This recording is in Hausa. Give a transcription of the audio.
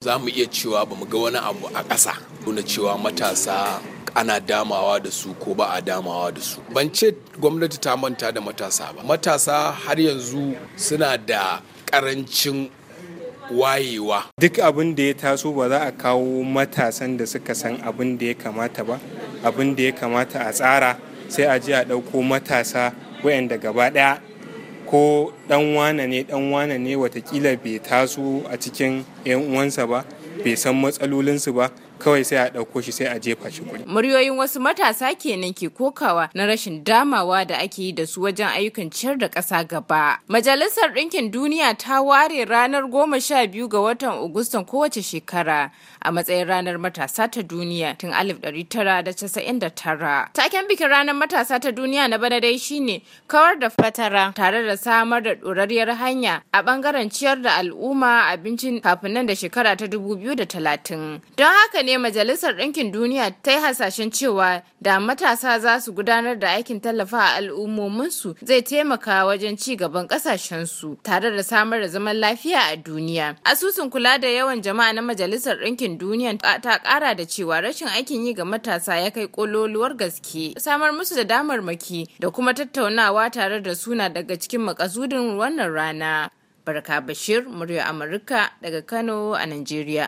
za mu iya cewa ba mu ga wani abu a ƙasa nuna cewa matasa ana damawa da su ko ba a damawa da su ban ce gwamnati ta manta da matasa ba matasa har yanzu suna da ƙarancin wayewa. Duk abin da ya taso ba za a kawo matasan da suka san abin da ya kamata ba, abin da ya kamata a tsara sai a ji a ɗauko matasa wayanda gaba ɗaya ko dan wane ne dan wane ne watakila bai taso a cikin 'yan uwansa ba bai san matsalolinsu ba kawai sai a ɗauko shi sai a jefa shi kuri. Muryoyin wasu matasa kenan ke kokawa na rashin damawa da ake yi da su wajen ayyukan ciyar da ƙasa gaba. Majalisar Ɗinkin Duniya ta ware ranar goma sha biyu ga watan Agustan kowace shekara a matsayin ranar matasa ta duniya tun alif ɗari tara da casa'in da tara. Taken bikin ranar matasa ta duniya na bana dai shine kawar da fatara tare da samar da ɗorarriyar hanya a ɓangaren ciyar da al'umma abincin kafin nan da shekara ta dubu biyu da talatin. Don haka ne Majalisar Ɗinkin Duniya ta yi hasashen cewa da matasa za su gudanar da aikin tallafa a al'ummominsu zai taimaka wajen ci gaban ƙasashensu tare da samar da zaman lafiya a duniya. Asusun kula da yawan jama'a na Majalisar Ɗinkin Duniya ta ƙara da cewa rashin aikin yi ga matasa ya kai ƙololuwar gaske. Samar musu da damar damarmaki da kuma tattaunawa tare da suna daga cikin makasudin wannan rana. Barka Bashir, murya Amurka daga Kano a Najeriya.